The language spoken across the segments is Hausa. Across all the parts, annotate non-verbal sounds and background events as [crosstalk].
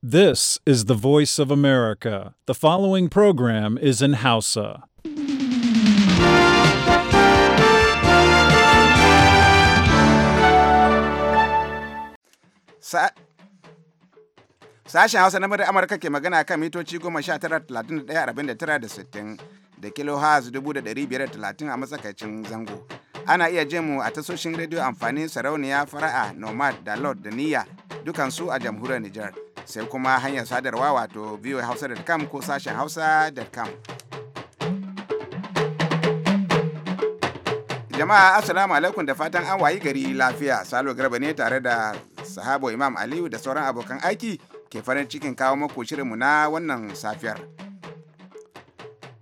This is the voice of America. The following program is in Hausa. Sa Sashen Hausa na murar Amurka ke magana kan mitoci 19,31,49 da kilohaz 530 a matsakaicin zango. Ana iya jin mu a tasoshin rediyo amfani sarauniya fara'a nomad da lord da niyya dukansu a jamhuriyar Nijar. sai kuma hanyar sadarwa wato hausa voahausa.com ko sashen hausa hausa.com. Jama'a Assalamu alaikum da fatan an wayi gari lafiya. Salo Garba ne tare da sahabo Imam Aliyu da sauran abokan aiki ke farin cikin kawo maku shirinmu na wannan safiyar.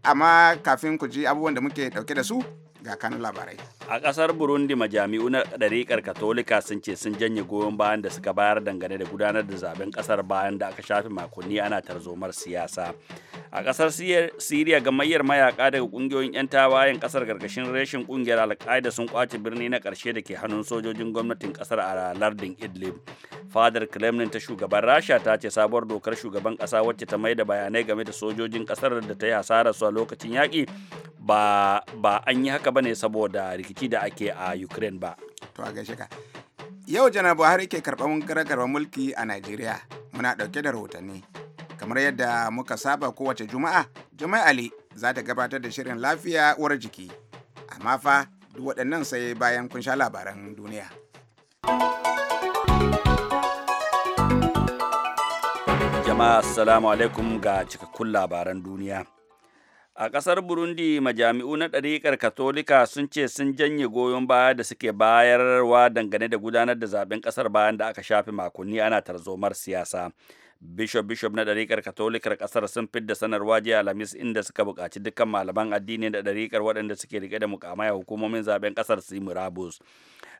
Amma kafin ku ji abubuwan da muke dauke da su ga kanun labarai. a kasar burundi majami'u na ɗariƙar katolika sun ce sun janye goyon bayan da suka bayar dangane da gudanar da zaben kasar bayan da aka shafe makonni ana tarzomar siyasa a kasar siriya gamayyar mayaka daga ƙungiyoyin 'yan tawayen kasar gargashin reshin ƙungiyar alƙa'ida sun kwace birni na ƙarshe da ke hannun sojojin gwamnatin kasar a lardin idlib fadar kremlin ta shugaban rasha ta ce sabuwar dokar shugaban ƙasa wacce ta mai da bayanai game da sojojin kasar da ta yi hasararsu a lokacin yaƙi ba an yi haka ba ne saboda rikici ciki da ake a ukraine ba to a gaishe ka yau jana buhari ke karɓar karɓar mulki a najeriya muna ɗauke da rahotanni kamar yadda muka saba kowace juma'a jama'a ali za ta gabatar da shirin lafiya uwar jiki amma fa duk waɗannan sai bayan kun sha labaran duniya jama'a assalamu alaikum ga cikakkun labaran duniya A ƙasar Burundi, majami'u na ɗariƙar Katolika sun ce sun janye goyon baya da suke bayarwa dangane da gudanar da zaben ƙasar bayan da aka shafe makonni ana tarzomar siyasa. bishop bishop na ɗariƙar katolikar ƙasar sun fidda sanarwa jiya alhamis inda suka buƙaci dukkan malaman addini da ɗariƙar waɗanda suke rike da mukamai a hukumomin zaben ƙasar su yi murabus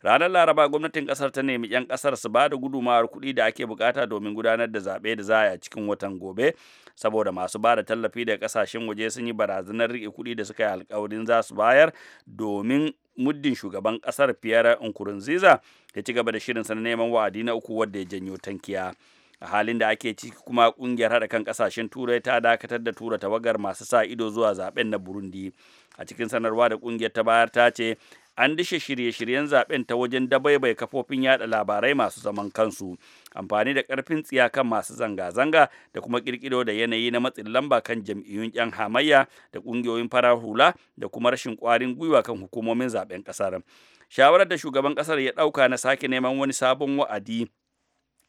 ranar laraba gwamnatin ƙasar ta nemi 'yan ƙasar su ba da gudumawar kuɗi da ake buƙata domin gudanar da zaɓe da za a cikin watan gobe saboda masu ba da tallafi da ƙasashen waje sun yi barazanar riƙe kuɗi da suka yi alƙawarin za su bayar domin muddin shugaban ƙasar pierre nkurunziza ya ci gaba da shirin na neman wa'adi na uku wadda ya janyo tankiya a halin da ake ciki kuma kungiyar haɗa kan ƙasashen turai ta dakatar da tura tawagar masu sa ido zuwa zaben na burundi a cikin sanarwa da kungiyar ta bayar ta ce an dishe shirye-shiryen zaben ta wajen dabaibai kafofin yada labarai masu zaman kansu amfani da karfin tsiya kan masu zanga-zanga da kuma kirkiro da yanayi na matsin lamba kan jam'iyyun yan hamayya da kungiyoyin farar hula da kuma rashin kwarin gwiwa kan hukumomin zaben kasar shawarar da shugaban kasar ya dauka na sake neman wani sabon wa'adi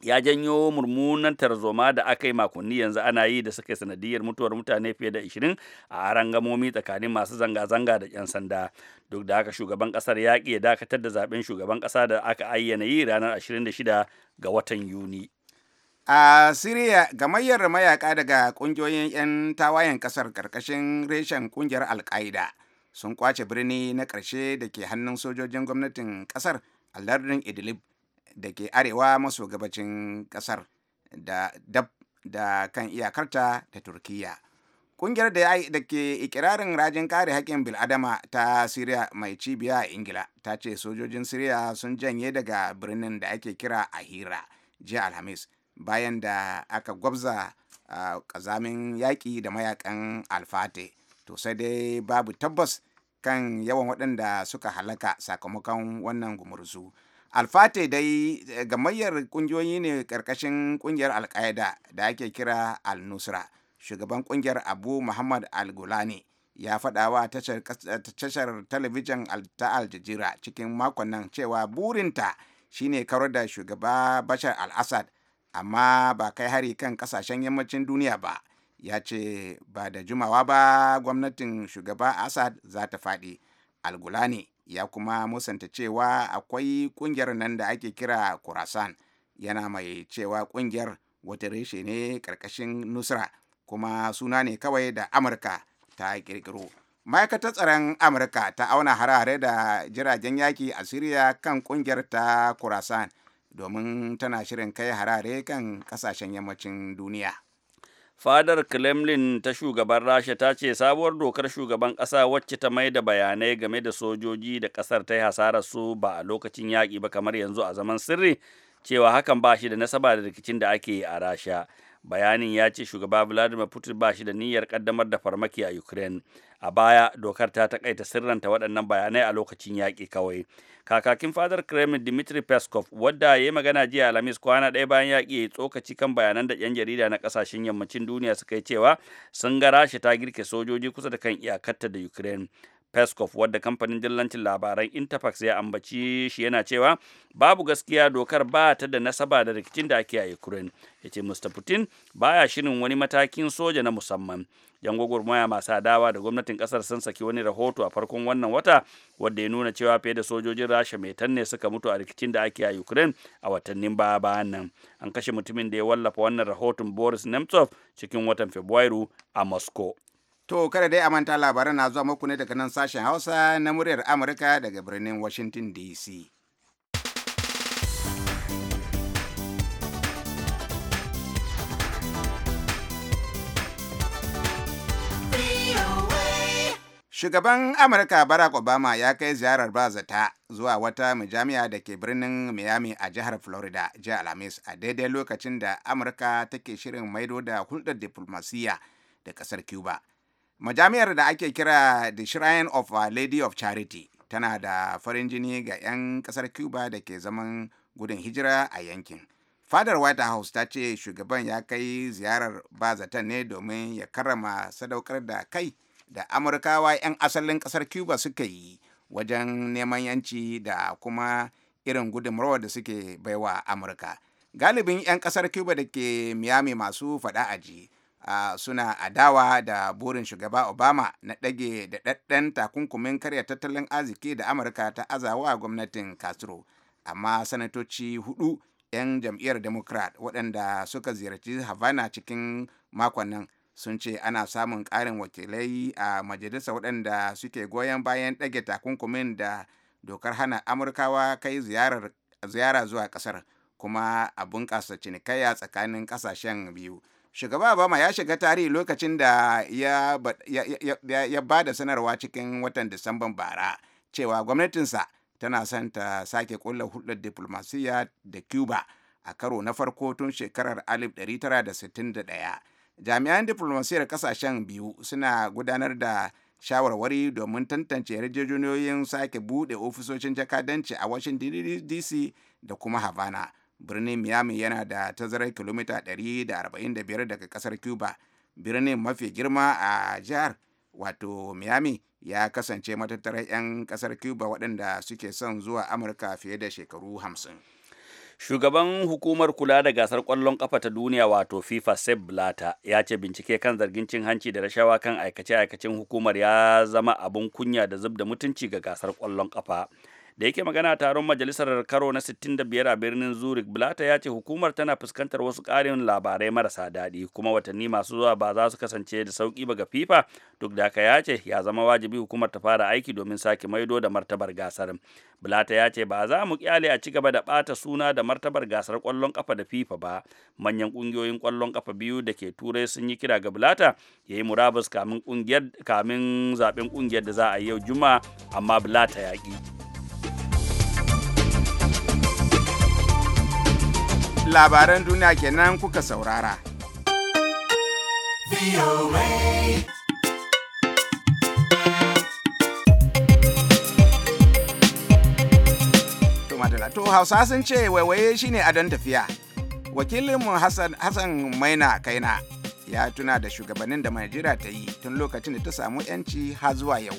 ya janyo murmunan tarzoma da aka yi makonni yanzu ana yi da suka sanadiyar mutuwar mutane fiye da 20 a rangamomi tsakanin masu zanga-zanga da 'yan sanda duk da haka shugaban kasar ya ya dakatar da zaben shugaban kasa da aka ayyana yi ranar 26 ga watan yuni a siriya gamayyar mayaka daga kungiyoyin 'yan tawayen kasar karkashin reshen kungiyar alkaida sun kwace birni na karshe da ke hannun sojojin gwamnatin kasar a lardin idlib da ke arewa maso gabacin kasar da dab da kan iyakarta da turkiya kungiyar da ke ikirarin rajin kare haƙƙin biladama ta siriya mai cibiya a ingila ta ce sojojin siriya sun janye daga birnin da ake kira a hira jiya alhamis bayan da aka gwabza a ƙazamin yaƙi da mayakan alfate to sai dai babu tabbas kan yawan waɗanda suka halaka sakamakon wannan gumurzu alfate dai eh, gamayyar kungiyoyi ne karkashin kungiyar alkaida da ake kira al-nusra shugaban kungiyar abu muhammad al-gulani ya faɗawa eh, tashar talabijin ta aljijira cikin makon nan cewa burinta shine kawar da shugaba bashar al-assad amma ba kai hari kan kasashen yammacin duniya ba ya ce ba da jimawa ba gwamnatin shugaba assad za ta faɗi al-gulani ya kuma musanta cewa akwai kungiyar nan da ake kira kurasan yana mai cewa kungiyar wata reshe ne karkashin nusra kuma suna ne kawai da amurka ta kirkiro ma'aikatar tsaron amurka ta auna harare da jiragen yaki a siriya kan kungiyar ta kurasan domin tana shirin kai harare kan kasashen yammacin duniya fadar kremlin ta shugaban rasha ta ce sabuwar dokar shugaban ƙasa wacce ta mai da bayanai game da sojoji da ƙasar ta yi hasarar su ba a lokacin yaƙi ba kamar yanzu a zaman sirri cewa hakan ba shi da nasaba da rikicin da ake yi a rasha bayanin ya ce shugaba vladimir putin ba shi da niyyar ƙaddamar da farmaki a ukraine a baya dokar ta takaita sirranta waɗannan bayanai a lokacin yaƙi kawai kakakin fadar kremlin dmitry peskov wadda ya yi magana jiya alhamis kwana ɗaya bayan yaƙi ya tsokaci kan bayanan da 'yan jarida na ƙasashen yammacin duniya suka yi cewa sun ga rasha ta girke sojoji kusa da kan iyakarta da ukraine Peskov wadda kamfanin dillancin labaran Interfax ya ambaci shi yana cewa babu gaskiya dokar ba ta da nasaba da rikicin da ake a Ukraine. Ya ce Mr. Putin baya shirin wani matakin soja na musamman. Yan gwagwarmaya masu adawa da gwamnatin kasar sun saki wani rahoto a farkon wannan wata wadda ya nuna cewa fiye da sojojin Rasha mai tanne suka mutu a rikicin da ake a Ukraine a watannin baya bayan nan. An kashe mutumin da ya wallafa wannan rahoton Boris Nemtsov cikin watan Fabrairu a Moscow. To kada dai a manta labaran na zuwa muku ne daga nan sashen Hausa na muryar Amurka daga birnin Washington DC. Shugaban Amurka Barack Obama ya kai ziyarar ba zata zuwa wata majami'a da ke birnin Miami a jihar Florida jiya Alhamis a daidai lokacin da Amurka take shirin maido da hulɗar diplomasiyya da ƙasar Cuba. majami'ar da ake kira the shrine of a lady of charity tana da farin jini ga 'yan kasar cuba da ke zaman gudun hijira a yankin fadar white house ta ce shugaban ya kai ziyarar ba zaton ne domin ya karama sadaukar da kai da amurkawa 'yan asalin kasar cuba suka yi wajen neman yanci da kuma irin gudunmawar da suke baiwa amurka galibin 'yan kasar cuba da ke miami masu faɗa ji. suna adawa da burin shugaba obama na ɗage da ɗaɗɗen takunkumin karya tattalin arziki da amurka ta azawa gwamnatin castro amma sanatoci hudu 'yan jam'iyyar democrat waɗanda suka ziyarci havana cikin makon nan sun ce ana samun ƙarin wakilai a majalisa waɗanda suke goyon bayan ɗage takunkumin da dokar hana amurkawa kai ziyara zuwa ƙasar kuma a bunƙasa cinikayya tsakanin ƙasashen biyu shugaba obama ya shiga tarihi lokacin da ya, ya, ba da sanarwa cikin watan disamban bara cewa gwamnatinsa tana son ta sake kulla hulɗar diplomasiya da cuba a karo na farko tun shekarar 1961 jami'an diplomasiyar kasashen biyu suna gudanar da shawarwari domin tantance yarjejeniyoyin sake buɗe ofisoshin jakadanci a washington dc da kuma havana birnin miami yana da tazarar kilomita 145 daga kasar cuba birnin mafi girma a jihar wato miami ya kasance matattarar 'yan kasar cuba waɗanda suke son zuwa amurka fiye da shekaru 50 shugaban hukumar kula da gasar kwallon ƙafa ta duniya wato fifa sep blata ya ce bincike kan zargin cin hanci da rashawa kan aikace-aikacen hukumar ya zama abin kunya da zub da mutunci ga gasar kwallon ƙafa da yake magana a taron majalisar karo na 65 a birnin zurich blata ya ce hukumar tana fuskantar wasu ƙarin labarai marasa daɗi kuma watanni masu zuwa ba za su kasance da sauƙi ba ga fifa duk da haka ya ce ya zama wajibi hukumar ta fara aiki domin sake maido da martabar gasar blata ya ce ba za mu kyale a ci gaba da ɓata suna da martabar gasar ƙwallon ƙafa da fifa ba manyan ƙungiyoyin ƙwallon ƙafa biyu da ke turai sun yi kira ga blata ya yi murabus kamin zaɓen ƙungiyar da za a yi yau juma'a amma blata ya ƙi. labaran duniya kenan kuka saurara. To Hausa sun ce waiwaye shine adon tafiya. Wakilinmu Hassan Maina Kaina ya tuna da shugabannin da Najeriya ta yi tun lokacin da ta samu 'yanci har zuwa yau.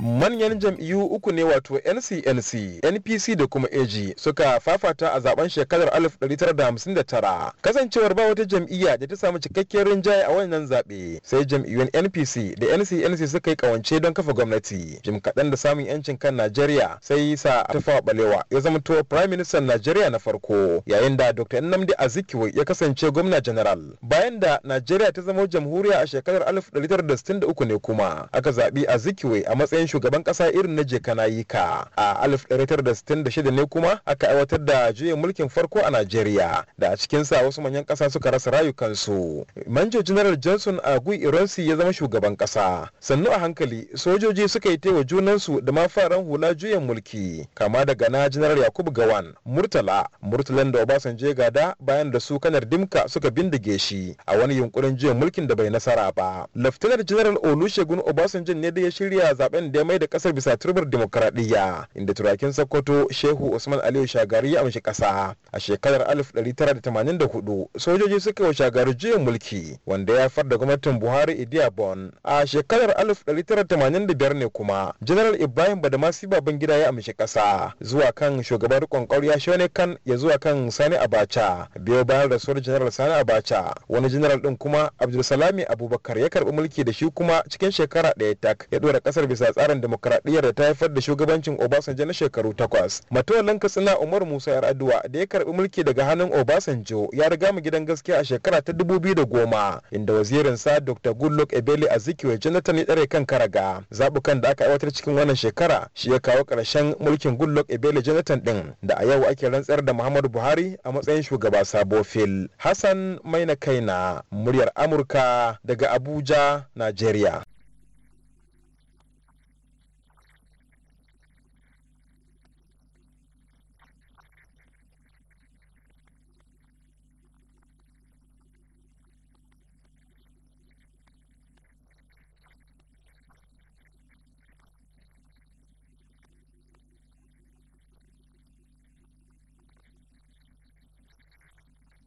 manyan jam'iyyu uku ne wato ncnc npc da kuma ag suka fafata a zaben shekarar 1959 kasancewar ba wata jam'iyya da ta samu cikakken rinjaye a wannan zaɓe sai jam'iyyun npc da ncnc suka yi kawance don kafa gwamnati jim kaɗan da samun yancin kan najeriya sai sa ta balewa ya zama to prime minister najeriya na farko yayin da dr nnamdi azikiwe ya kasance gwamna general bayan da najeriya ta zama jamhuriya a shekarar 1963 ne kuma aka zaɓi azikiwe a matsayin matsayin shugaban kasa irin na jekanayika a 1966 ne kuma aka aiwatar da juyin mulkin farko a najeriya da a cikin sa wasu manyan kasa suka rasa rayukansu manjo general johnson a gui ironsi ya zama shugaban kasa sannu a hankali sojoji suka yi taiwa junansu da ma mafaran hula juyin mulki kama daga na general yakubu gawan murtala murtalan da obasanjo gada bayan da su kanar dimka suka bindige shi a wani yunkurin juyin mulkin da bai nasara ba laftanar general olusegun obasanjo ne da ya shirya zaben da ya mai da kasar bisa turbar demokaradiyya inda turakin sokoto shehu usman aliyu shagari ya amshi kasa a shekarar 1984 sojoji suka wa shagari juyin mulki wanda ya far da gwamnatin buhari Bon. a shekarar 1985 ne kuma general ibrahim badamasi gida ya amshi kasa zuwa kan shugaban rikon ya shone kan ya zuwa kan sani abacha biyo bayan rasuwar general sani abacha wani general din kuma abdulsalami abubakar ya karbi mulki da shi kuma cikin shekara ɗaya tak ya ɗora kasar bisa tsarin demokradiyyar da ta haifar da shugabancin Obasanjo na shekaru takwas. Matawallan Katsina Umar Musa Yar'adua da ya karɓi mulki daga hannun Obasanjo ya riga mu gidan gaskiya a shekara ta dubu biyu da goma, inda wazirin sa Dr. Goodluck Ebele Azikiwe Jonathan ya tsare kan karaga. Zabukan da aka aiwatar cikin wannan shekara shi ya kawo ƙarshen mulkin Goodluck Ebele Jonathan ɗin da a yau ake rantsar da Muhammadu Buhari a matsayin shugaba sabo fil. Hassan Maina Kaina, muryar Amurka daga Abuja, Najeriya.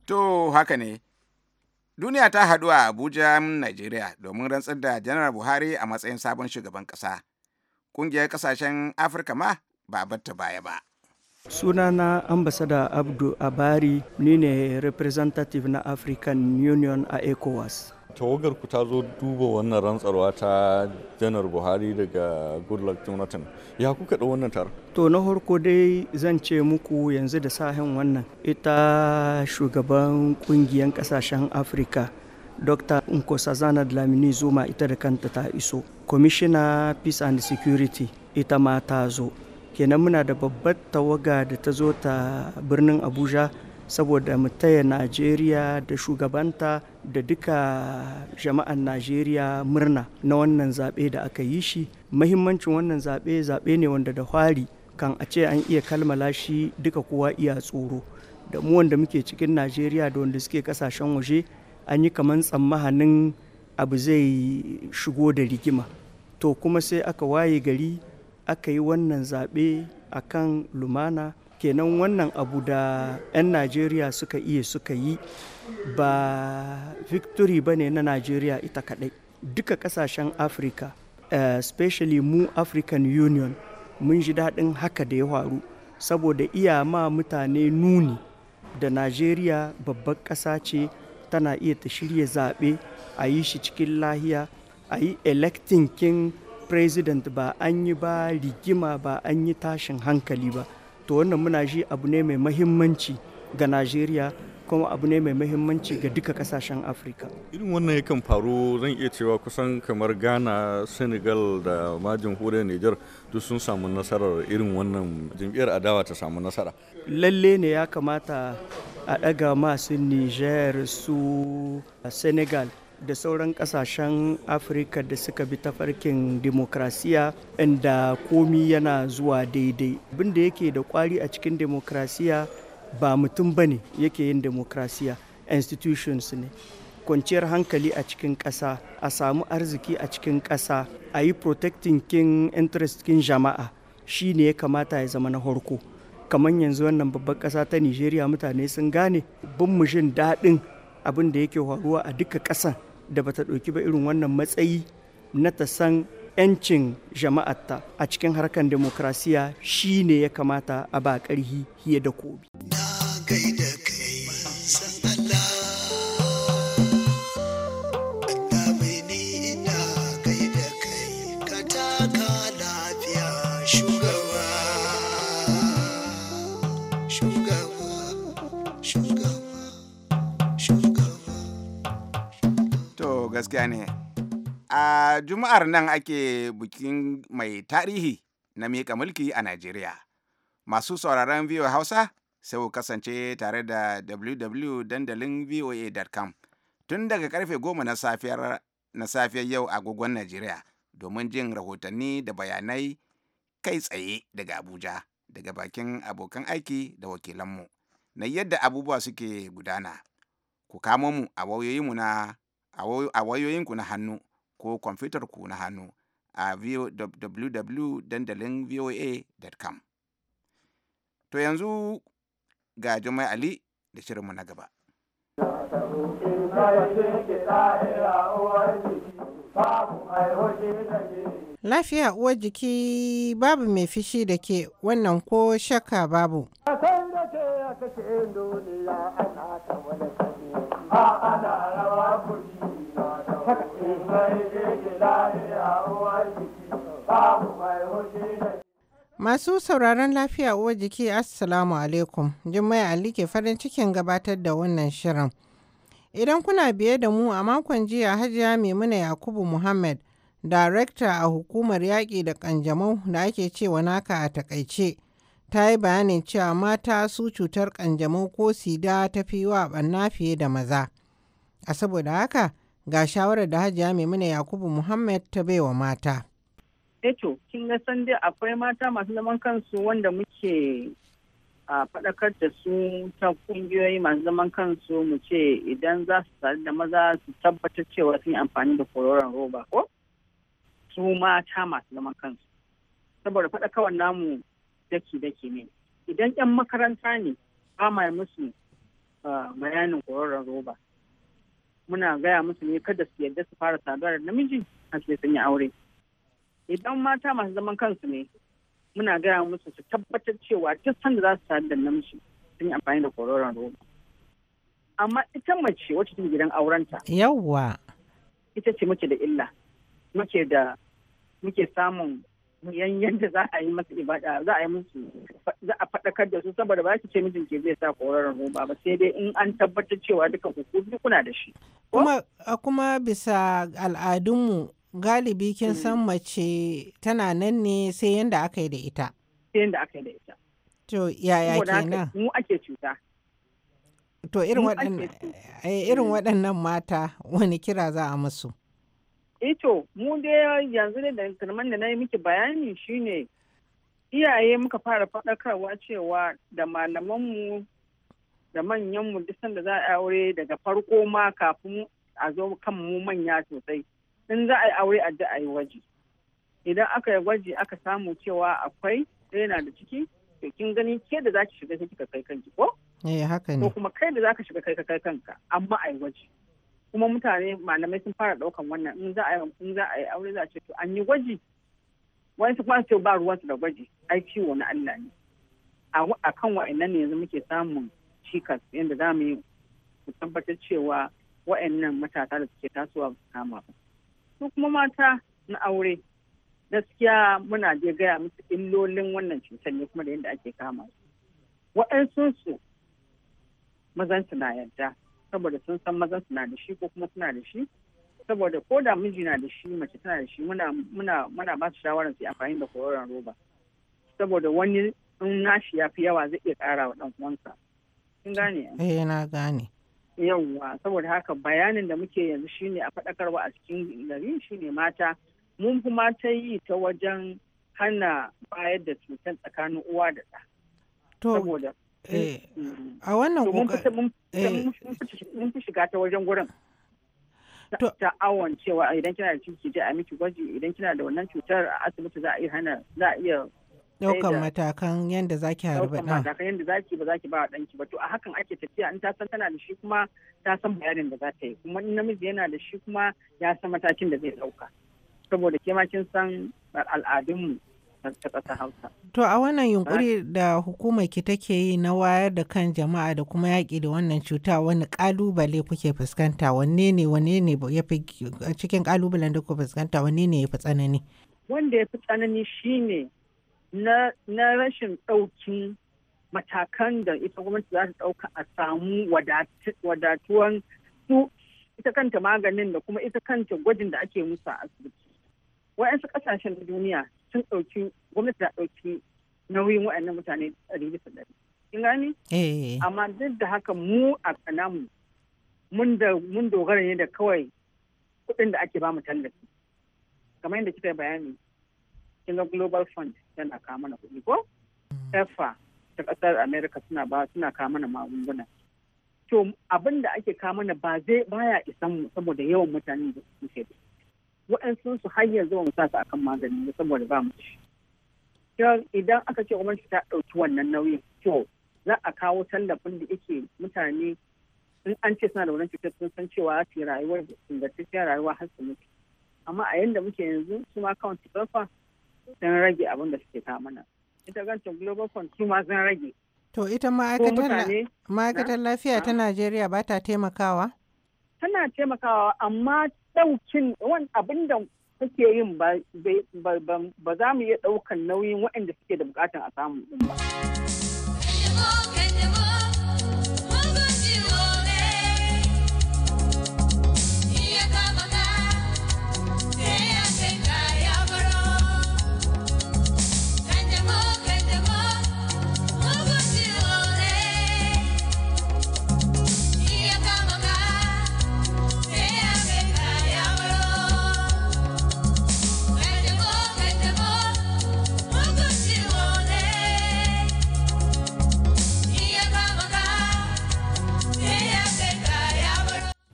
To haka ne. Duniya ta haɗu a Abuja, Najeriya domin rantsar da Janar Buhari a matsayin sabon shugaban ƙasa. Ƙungiyar ƙasashen Afirka ma ba batta baya ba. sunana ambasada abdu abari ni ne representative na african union a ecowas tawagar ku ta zo duba wannan rantsarwa ta janar buhari daga goodluck jonathan ya kuka da wannan tar to na harko dai zan ce muku yanzu da sahen wannan ita shugaban kungiyan kasashen afirka dr nkosazana dlamini zuma ita da kanta ta iso commissioner peace and security ita ma ta zo kenan muna da babbar tawaga da ta zo ta birnin abuja saboda mu taya najeriya da shugabanta da duka jama'an najeriya murna na wannan zaɓe da aka yi shi mahimmancin wannan zaɓe zaɓe ne wanda da hwari kan a ce an iya kalmala shi duka kowa iya tsoro da mu wanda muke cikin najeriya da wanda suke kasashen waje an yi kamar tsammanin abu zai shigo da rigima to kuma sai aka waye gari aka yi wannan zaɓe akan lumana kenan wannan abu da 'yan najeriya suka iya suka yi ba victory ba ne na najeriya ita kadai duka kasashen afirka eh, especially mu african union mun ji daɗin haka da ya faru saboda iya ma mutane nuni da najeriya babbar ƙasa ce tana iya ta shirya zaɓe a yi shi cikin lahiya a yi electing king president ba an yi ba rigima ba an yi tashin hankali ba to wannan muna ji abu ne mai mahimmanci ga najeriya kuma abu ne mai mahimmanci ga duka kasashen afirka irin wannan yakan faru zan iya cewa kusan kamar ghana senegal da ma jamhuriyar niger duk sun samu nasarar irin wannan jam'iyyar adawa ta samu nasara lalle ne ya kamata a ɗaga masu niger su senegal da sauran kasashen afirka da suka bi tafarkin demokrasiya inda komi yana zuwa daidai abin da yake da kwari a cikin demokrasiya ba mutum ba ne yake yin demokrasiya institutions ne kwanciyar hankali a cikin ƙasa a samu arziki a cikin ƙasa a yi protecting kin interest kin jama'a shi ne ya kamata ya zama na horko kamar yanzu wannan babban ƙasa ta nigeria mutane sun gane bin mu jin daɗin abin da yake faruwa a duka ƙasan da bata ɗauki ba irin wannan matsayi na ta san 'yancin jama'arta a cikin harkar demokrasiya shi ne ya kamata a ba ƙarhi hiye da kobi. ne. A Juma'ar nan ake bikin mai tarihi na miƙa mulki a Najeriya. Masu sauraron VOA Hausa sai ku kasance tare da www.dandalinvoa.com tun daga karfe goma na safiyar na safiyar yau agogon Najeriya domin jin rahotanni da bayanai kai tsaye daga Abuja daga bakin abokan aiki da wakilanmu na yadda abubuwa suke gudana. Ku kamo mu a wayoyinmu na a wayoyinku na hannu ko kwamfutar ku na hannu a www.voa.com. To yanzu ga Jumai Ali da shirinmu na gaba. Lafiya uwar jiki babu mai fishi da ke wannan ko shakka babu. A da ke ya duniya ana a ana Masu sauraron lafiya uwa jiki Assalamu alaikum, Jummai Ali ke farin cikin gabatar da wannan shirin. Idan kuna biye da mu a makon jiya Hajiya Maimuna Yakubu Muhammad, Darekta a hukumar yaƙi da ƙanjamau da ake cewa naka a takaice, ta yi bayanin cewa mata su cutar ƙanjamau ko sida ta fi wa ɓanna fiye da maza. A saboda haka, ga shawarar da hajiya maimuna yakubu muhammad ta baiwa mata eto eh kin ga san dai akwai mata masu zaman kansu wanda muke a faɗakar da su ta kungiyoyi masu zaman kansu mu ce idan za su sadu da maza su tabbatar cewa sun yi amfani da kororon roba ko su mata masu zaman kansu saboda faɗakawar namu daki-daki ne idan 'yan makaranta ne ba musu bayanin kororon roba muna gaya musu ne kada su yarda su fara saduwa da namiji har sai sun yi aure idan mata masu zaman kansu ne muna gaya musu su tabbatar cewa duk sanda za su sadu da namiji sun yi amfani da kororon roba amma ita mace wacce ta gidan aurenta yawwa ita ce muke da illa muke da muke samun yan yadda za a yi masu ibada za a yi musu za a faɗakar da su saboda ba ki ce mijin ke zai sa koraron roba ba sai dai in an tabbatar cewa duka hukumi kuna da shi. Kuma kuma bisa al'adunmu galibi kin mm. san mace tana nan ne sai yanda aka yi da ita. Sai yanda aka yi da ita. To yaya kenan? Mu ake cuta. To irin eh, mm. waɗannan mata wani kira za a musu? Ito, eh mu dai yanzu da kalman da na yi miki bayani shine iyaye muka fara faɗakarwa cewa da malamanmu da manyanmu duk sanda za a aure daga farko ma kafin a zo kan mu manya sosai. In za a yi aure a a yi waje. Idan aka yi gwaji aka samu cewa akwai ɗaya na da ciki, to kin gani ke da za ki shiga ka kai kanki ko? Eh haka Ko kuma kai da za ka shiga kai ka kai kanka, amma a yi waje. kuma mutane malamai sun fara ɗaukan wannan in za a yi aure za a ce to an yi gwaji wani su kuma ba ruwansu da gwaji ai ciwo na Allah ne a kan wa'annan ne yanzu muke samun cikas yadda za mu yi mu tabbatar cewa wa'annan matasa da suke tasowa su kama ba su kuma mata na aure gaskiya muna je gaya musu illolin wannan cutar ne kuma da yadda ake kama su wa'ansu su mazan na yadda. saboda sun san mazan suna da shi ko kuma suna da shi saboda ko da miji na da shi mace tana da shi muna muna muna ba su shawarar su yi amfani da kororon roba saboda wani in nashi ya fi yawa zai iya ƙara wa ɗan uwansa kin gane eh na gane yawwa saboda haka bayanin da muke yanzu shine a faɗakarwa a cikin gari shine mata mun kuma ta yi ta wajen hana bayar da cutar tsakanin uwa da ɗa saboda Eh, mm-hmm. a wannan mun fi shiga ta wajen gurin ta awon cewa idan kina da ciki je a miki gwaji idan kina da wannan cutar a asibiti za a iya hana za a iya daukan matakan yadda za ki harba na matakan yadda za ki ba za ki ba ba to a hakan ake tafiya in ta san tana da shi kuma ta san bayanin da za ta yi kuma in namiji yana da shi kuma ya san matakin da zai dauka saboda ke ma kin san al'adunmu ta To a wannan yunƙuri da hukumar ki take yi na wayar da kan jama'a da kuma yaƙi da wannan cuta wani ƙalubale kuke fuskanta wanne ne wanne ne ya fi cikin ƙalubalen da kuke fuskanta wanne ne ya fi tsanani? Wanda ya fi tsanani shi ne na rashin ɗauki matakan da ita gwamnati za ta ɗauka a samu wadatuwan su ita kanta maganin da kuma ita kanta gwajin da ake musu a asibiti. Wa'yansu ƙasashen duniya sun ɗauki gwamnati ta ɗauki nauyin waɗannan mutane ɗari bisa ɗari. Kin gani? Eh. Amma duk da haka mu a kanamu mun dogara ne da kawai kuɗin da ake bamu tallafi. Kamar yadda kika yi bayani, kin ga Global Fund yana kawo mana kuɗi ko? EFA mm. ta ƙasar Amerika suna ba suna kawo mana magunguna. To abin da ake kawo mana ba zai baya isan mu saboda yawan mutane da suke da waɗansu su har yanzu ba mu sa su akan magani ne saboda ba mu ci idan aka ce gwamnati ta ɗauki wannan nauyin to za a kawo tallafin da yake mutane in an ce suna da wannan cutar sun san cewa su rayuwar ingantacciyar rayuwa har su mutu amma a yanda muke yanzu su ma kawai su ƙarfa sun rage abin da suke kawo mana ita gancin global fund su ma sun rage To ita ma'aikatar lafiya ta ah. Najeriya ba ta taimakawa? Tana taimakawa amma ɗaukin abin da suke yin ba za mu iya ɗaukan nauyin waɗanda suke da bukatan a samu ba.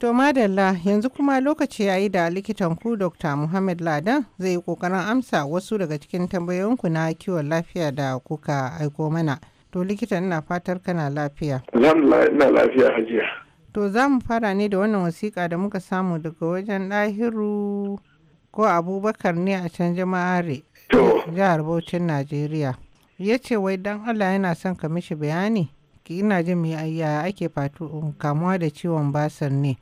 To madalla yanzu kuma lokaci ya yi da likitan ku Dr. Muhammad Ladan zai yi kokarin amsa wasu daga cikin tambayoyinku na kiwon lafiya da kuka aiko mana. To likita ina fatar kana lafiya. ina lafiya hajiya. To za mu fara ne da wannan wasiƙa da muka samu daga wajen ɗahiru ko abubakar ne a can jama'are. Jihar Bauchin Najeriya. Ya ce wai dan Allah yana son ka mishi bayani. ina jin mai yaya ake kamuwa da ciwon basir ne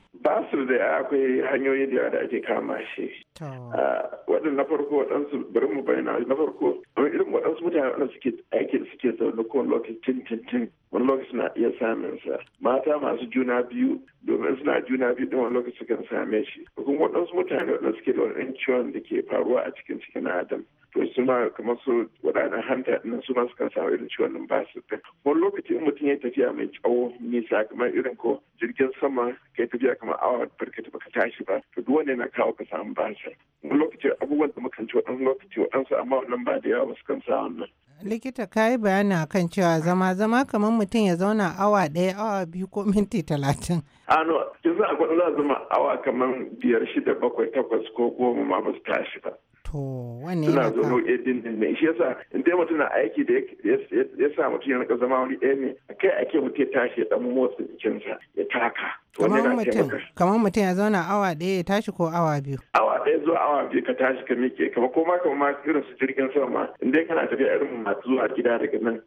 yanzu da akwai hanyoyi da da ake kama shi ah, waɗanda na farko waɗansu bari mu bayyana na farko irin waɗansu mutane waɗanda suke aiki da suke zaune ko lokacin tin tin wani lokaci na iya samun sa mata masu juna biyu domin suna juna biyu ɗin wani lokaci kan same shi kuma waɗansu mutane waɗanda suke da wani ciwon da ke faruwa a cikin cikin adam to su ma kamar su wadannan hanta na su ma sukan samu irin ciwon numfashi ɗin wani lokaci in mutum ya tafiya mai tsawo nisa kamar irin ko jirgin sama kai tafiya kamar awa barkata baka tashi ba to duk wanda yana kawo ka samu basa wani lokaci abubuwan da mukan ci waɗansu lokaci waɗansu amma wannan ba da yawa ba kan sa wannan. likita ka yi bayani a kan cewa zama zama kamar mutum ya zauna awa ɗaya awa biyu ko minti talatin. ano kin za a kwaɗo zama awa kamar biyar shida bakwai takwas ko goma ma ba su tashi ba. To wanne suna zo nau'i din din ne shi yasa in dai mutum aiki da ya sa mutum ya rika zama wani ɗaya ne kai ake mutum ya tashi ya dan motsa jikinsa ya taka. Kamar mutum ya zauna awa ɗaya ya tashi ko awa biyu. Awa ɗaya zuwa awa biyu ka tashi ka miƙe kama ko ma kama irin su jirgin sama in dai kana tafiya irin masu zuwa gida daga nan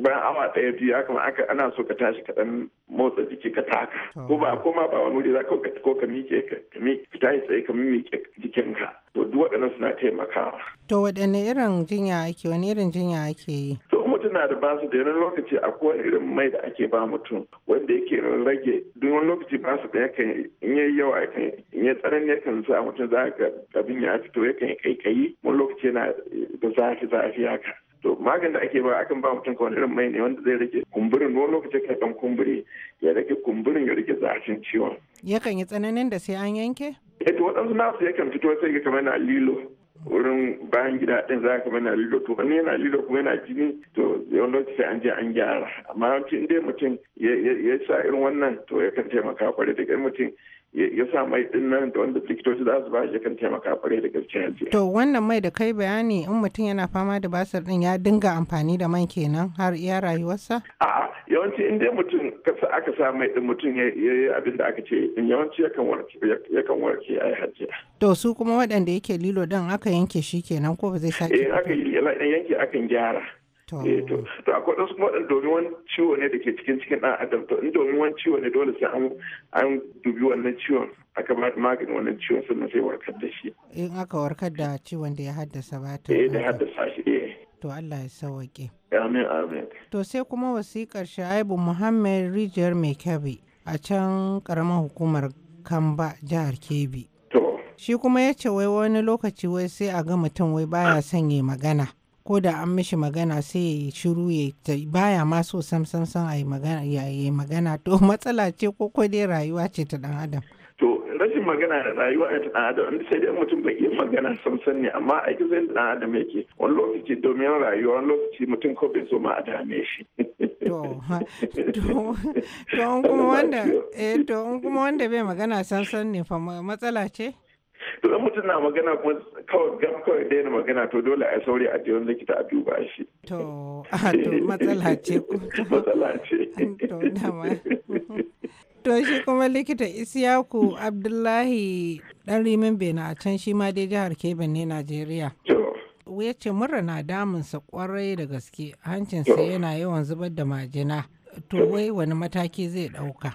bayan awa ɗaya biyu ya kama ana so ka tashi ka dan motsa jiki ka taka ko ba ko ma ba wani wuri za ka ko ka miƙe ka ka tashi tsaye ka miƙe jikinka to duk waɗannan suna taimakawa. to waɗanne irin jinya ake wani irin jinya ake yi. to mutum na da basu da yanar lokaci kowane irin mai da ake ba mutum wanda yake rage duk wani lokaci basu da yakan in yayi yawa yakan in tsanani yakan sa mutum za ka abin ya fito yakan kai kaikayi wani lokaci yana da zafi zafi haka. to maganin da ake ba akan ba mutum kawai irin mai ne wanda zai rage kumburin wani lokacin kai dan kumburi ya rage kumburin ya rage zafin ciwon yakan yi tsananin da sai an yanke eh to waɗansu nasu yakan fito sai ga kamar na lilo wurin bayan gida din za ka mana lilo to wani yana lilo kuma yana jini to yawan lokaci an je an gyara amma in dai mutum ya sa irin wannan to yakan taimaka kwarai da mutum ya sa mai din nan da wanda likitoci za su bashi kan taimaka kwarai da gaske to wannan mai da kai bayani in mutum yana fama da basir din ya dinga amfani da man kenan har iya rayuwarsa a'a yawanci in dai mutum aka sa mai din mutum ya yi abin aka ce in yawanci yakan warke kan warke ai hajji to su kuma waɗanda yake lilo din aka yanke shi kenan ko ba zai sake eh aka yanke akan gyara Eh, to to akwai wasu kuma domin wani ciwo ne da ke cikin cikin ɗan adam to in domin wani ciwo ne dole sai an dubi wannan ciwon aka ba da maganin wannan ciwon sannan sai warkar da shi in aka warkar da ciwon da ya haddasa ba ta eh, da haddasa shi eh to Allah ya sauke amin amin to sai kuma wasikar Shaibu Muhammad Rijiyar Mai Kebe a can karamar hukumar Kamba jihar Kebbi shi kuma ya ce wai wani lokaci wai sai a ga mutum wai baya son magana ko da an mishi magana sai ya yi shiru ya baya ma so sam sam sam a yi magana to matsala ce ko ko dai rayuwa ce ta dan adam to rashin magana da rayuwa ta dan adam sai dai mutum bai yi magana samsan ne amma a gizon dan adam yake wani lokaci domin rayuwa wani lokaci mutum ko bai zo ma a dame shi to eh, kuma wanda bai magana samsan ne fa matsala ce to in mutum na magana kuma kawai gam kawai daina magana to dole a sauri a jiran likita a duba shi to [laughs] ah, to matsala ce [laughs] matsala ce [laughs] to dama to shi kuma likita Isiyaku Abdullahi dan Rimin Bena a can shi ma dai jihar Kebbi ne Najeriya ya ce murra na damunsa kwarai da gaske hancinsa yana yawan zubar da majina to wai wani mataki zai dauka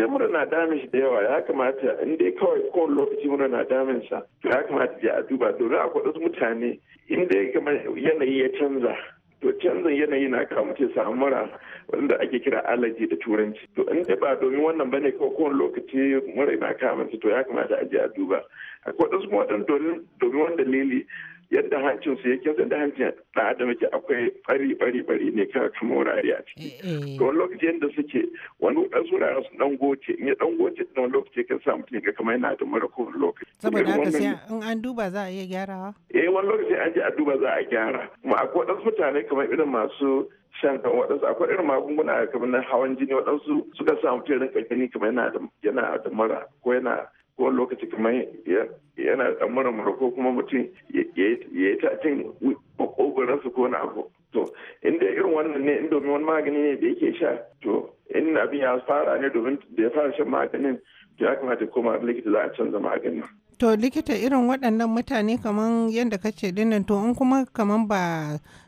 dai mura na damin da yawa ya kamata in dai kawai kowane lokaci mura na damin sa ya kamata ya duba domin akwai wasu mutane in ya kamar yanayi ya canza to canza yanayi na kawo mutum samu mura wanda ake kira alaji da turanci to in dai ba domin wannan bane ko kowane lokaci mura na kawo to ya kamata a je a duba akwai wasu domin yadda hancin su yake yadda hancin da adam yake akwai bari bari bari ne ka kama wurare a ciki eh, eh. to wani lokaci yadda suke wani ɗan wuraren su ɗan goce in ya ɗan goce ɗan wani lokaci kan sa mutum ga kamar yana da mara kowane lokaci. saboda haka sai in an duba za a iya gyarawa. eh wani lokaci an je a duba za a gyara kuma akwai dan mutane kamar irin masu shan kan waɗansu akwai irin magunguna kamar na hawan jini waɗansu suka sa mutum rinka gani kamar yana da mara ko yana ko lokaci kamar yana dan mura ko kuma mutum ya yi tacin su ko na abu to inda irin wannan ne domin wani magani ne da yake sha to in abin ya fara ne domin da ya fara shan maganin to ya kamata koma likita za a canza maganin to likita irin waɗannan mutane kamar yadda ka ce dinnan to in kuma kamar ba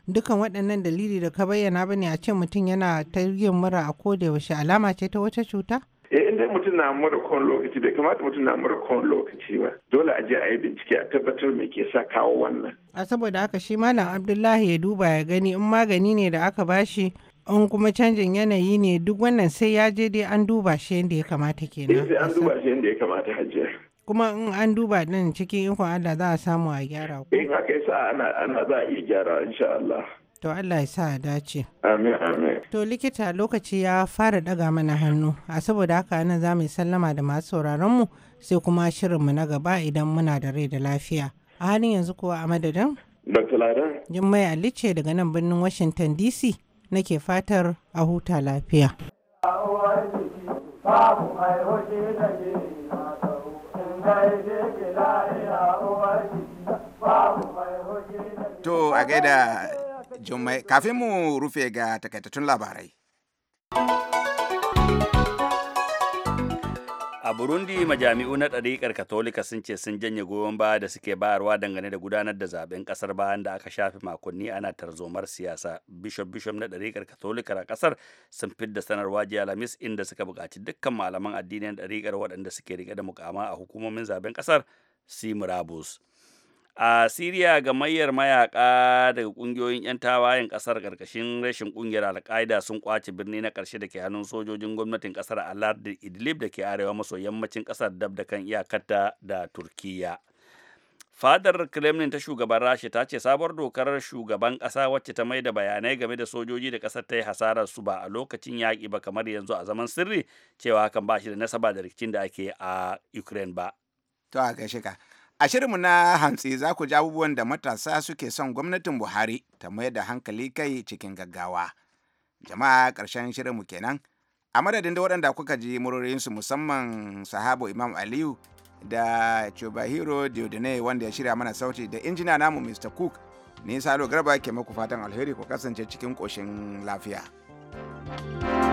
dukan waɗannan dalili da ka bayyana ba ne a ce mutum yana ta yin mura a koda yaushe alama ce ta wata cuta eh in dai mutum na mura kowane lokaci bai kamata mutum na mura lokaci ba dole a je a yi bincike a tabbatar me ke sa kawo wannan a saboda haka shi malam abdullahi ya duba ya gani in magani ne da aka bashi in kuma canjin yanayi ne duk wannan sai ya je dai an duba shi yadda ya kamata kenan eh, sai an duba shi yadda ya kamata hajiya kuma in an duba din cikin ikon Allah za a samu a gyara in haka yasa ana ana za a iya gyara insha Allah To Allah ya sa a dace. Amin amin. To likita lokaci ya fara daga mana hannu, a saboda haka nan za mu sallama da masu sauraronmu sai kuma shirin mu na gaba idan muna da rai da lafiya. A halin yanzu kuwa a madadin? Dr. Ladan. Jummai Ali ce daga nan birnin Washington DC nake fatar a huta lafiya. To a gaida Jummai, kafin mu rufe ga takaitattun labarai. a burundi majami'u na ɗariƙar katolika sun ce sun janye goyon baya da suke bayarwa dangane da gudanar da zaben ƙasar bayan da aka shafi makonni ana tarzomar siyasa bishop bishop na ɗariƙar katolika a ƙasar sun fidda sanarwa jiya lamis inda suka buƙaci dukkan malaman addinin ɗariƙar waɗanda suke riƙe da mukama a hukumomin zaben ƙasar si murabus a siriya gamayyar mayaka daga kungiyoyin 'yan tawayen kasar karkashin rashin kungiyar alkaida sun kwace birni na karshe da ke hannun sojojin gwamnatin kasar alar da idlib da ke arewa maso yammacin kasar dab da kan iyakarta da turkiya fadar kremlin ta shugaban rasha ta ce sabuwar dokar shugaban kasa wacce ta mai da bayanai game da sojoji da kasar ta yi hasarar su ba a lokacin yaƙi ba kamar yanzu a zaman sirri cewa hakan ba shi da nasaba da rikicin da ake a ukraine ba to a gaishe ka A shirinmu na hantsi za ku ji abubuwan da matasa suke son gwamnatin Buhari ta mayar da hankali kai cikin gaggawa. Jama'a ƙarshen shirinmu kenan. A madadin da waɗanda kuka ji murorinsu musamman sahabo Imam Aliyu da Chubahiro Diodune wanda ya shirya mana sauti da injina namu Mr. Cook. Ni Salo Garba ke maku fatan alheri ku kasance cikin ƙoshin lafiya. thank you